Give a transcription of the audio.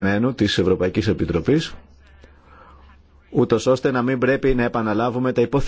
κειμένου της Ευρωπαϊκής Επιτροπής, ούτως ώστε να μην πρέπει να επαναλάβουμε τα υποθέματα.